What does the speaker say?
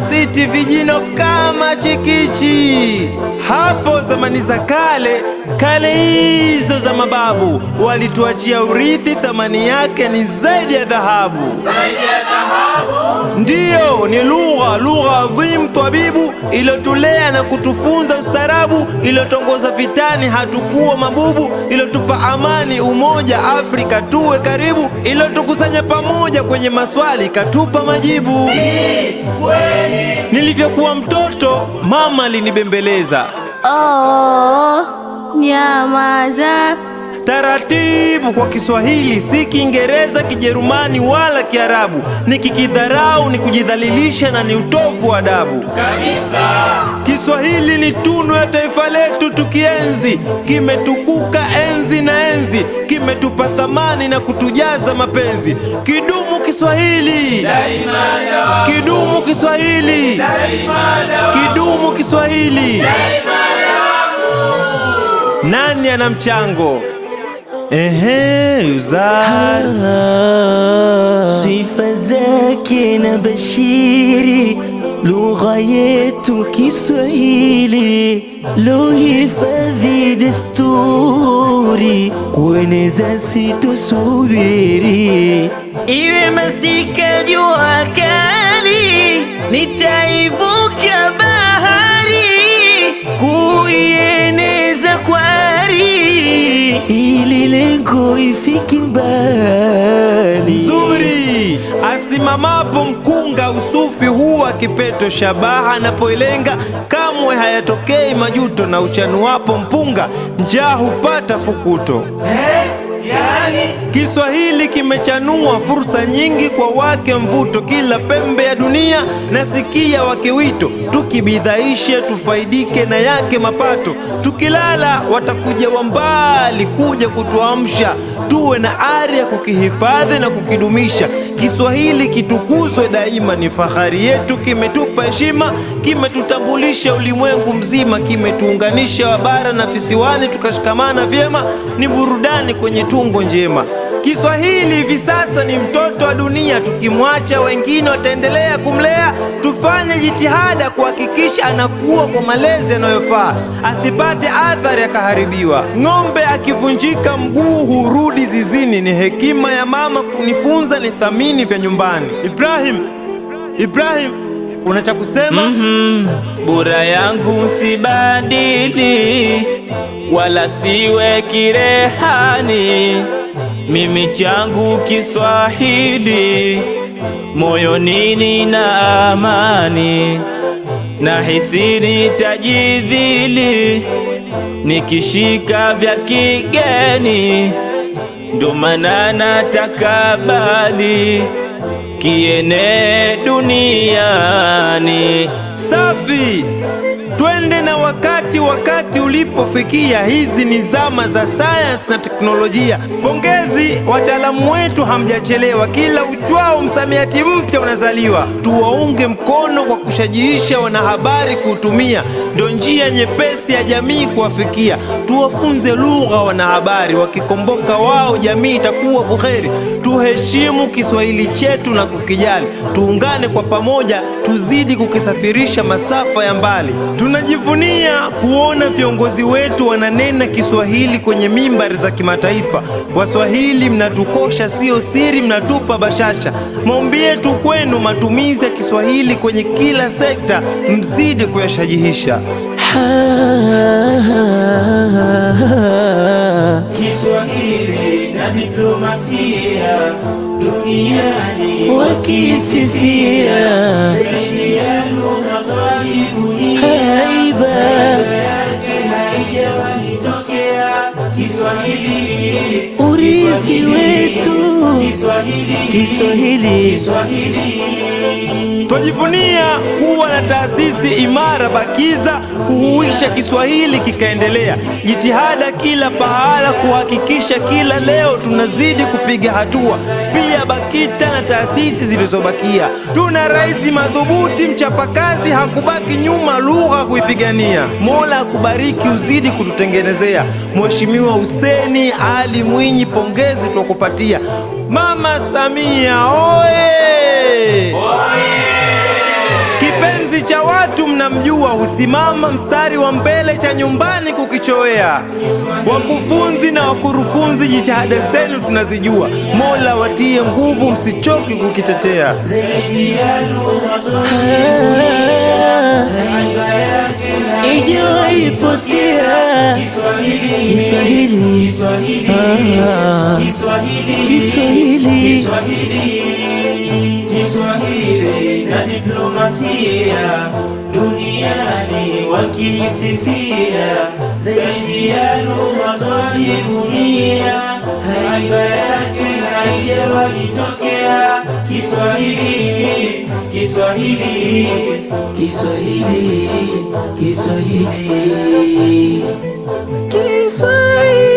wanasiti vijino kama chikichi. Hapo zamani za kale kale hizo za mababu walituachia urithi, thamani yake ni zaidi ya dhahabu. Ndiyo, ni lugha lugha adhimu twabibu, iliyotulea na kutufunza ustarabu ilotongoza vitani hatukuwa mabubu, ilotupa amani umoja, Afrika tuwe karibu, iliyotukusanya pamoja, kwenye maswali katupa majibu. Nilivyokuwa mtoto mama alinibembeleza, oh, nyamaza taratibu kwa Kiswahili, si Kiingereza, Kijerumani wala Kiarabu. Nikikidharau ni kujidhalilisha na ni utovu wa adabu kabisa. Kiswahili ni tunu ya taifa letu, tukienzi kimetukuka enzi na enzi, kimetupa thamani na kutujaza mapenzi. Kidumu Kiswahili Kidumu Kiswahili Kidumu Kiswahili Nani ana mchango? ايه يزعل شايفة زاكينا بشيري كي كسويلي لو يفذي دستوري ونزاسي تصويري إيه مسيكة ديوهاكا ili lengo ifiki mbali. Zuri asimamapo mkunga usufi huwa kipeto shabaha, anapoilenga kamwe hayatokei majuto, na uchanuwapo mpunga njaa hupata fukuto. He, eh, yani Kiswahili kimechanua fursa nyingi kwa wake mvuto, kila pembe ya dunia nasikia wake wito, tukibidhaishe tufaidike na yake mapato. Tukilala watakuja wa mbali kuja kutuamsha, tuwe na ari ya kukihifadhi na kukidumisha. Kiswahili kitukuzwe daima, ni fahari yetu, kimetupa heshima, kimetutambulisha ulimwengu mzima, kimetuunganisha wabara na visiwani, tukashikamana vyema, ni burudani kwenye tungo njema. Kiswahili hivi sasa ni mtoto wa dunia, tukimwacha wengine wataendelea kumlea. Tufanye jitihada kuhakikisha anakuwa kwa malezi yanayofaa, asipate athari akaharibiwa. Ng'ombe akivunjika mguu hurudi zizini, ni hekima ya mama kunifunza ni thamini vya nyumbani. Ibrahim, Ibrahim una cha kusema? Mm -hmm. Bura yangu sibadili wala siwe kirehani mimi changu Kiswahili, moyo nini na amani, na hisi nitajidhili nikishika vya kigeni, ndo maana natakabali kienee duniani. Safi, twende na wakati wakati wakati ulipofikia. Hizi ni zama za sayansi na teknolojia. Pongezi wataalamu wetu, hamjachelewa. Kila uchwao msamiati mpya unazaliwa. Tuwaunge mkono kwa kushajiisha wanahabari kuutumia, ndio njia nyepesi ya jamii kuwafikia. Tuwafunze lugha wanahabari, wakikomboka wao jamii itakuwa buheri. Tuheshimu Kiswahili chetu na kukijali, tuungane kwa pamoja, tuzidi kukisafirisha masafa ya mbali. Tunajivunia kuona viongozi wetu wananena Kiswahili kwenye mimbari za kimataifa. Waswahili mnatukosha, sio siri, mnatupa bashasha. Maombi yetu kwenu, matumizi ya Kiswahili kwenye kila sekta mzidi kuyashajihisha. Kiswahili na diplomasia duniani wakisifia Kiswahili. Twajivunia kuwa na taasisi imara bakiza kuhuisha Kiswahili kikaendelea. Jitihada kila pahala kuhakikisha kila leo tunazidi kupiga hatua. BAKITA na taasisi zilizobakia. Tuna rais madhubuti, mchapakazi, hakubaki nyuma lugha kuipigania. Mola akubariki, uzidi kututengenezea. Mheshimiwa huseni Ali Mwinyi, pongezi twakupatia. Mama Samia oye, oye! kipenzi cha watu mnamjua, husimama mstari wa mbele cha nyumbani kukichowea. Wakufunzi na wakurufunzi, jitihada zenu tunazijua, Mola watie nguvu, msichoki kukitetea. Kiswahili ah, ah utabiri na diplomasia duniani wakisifia zaidi ya lugha twalivunia, haiba yake haijawahitokea Kiswahili, Kiswahili, Kiswahili, Kiswahili, Kiswahili.